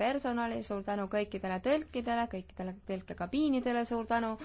personali, suur tänu kõikidele tõlkidele, kõikidele tõlkekabiinidele suur tänu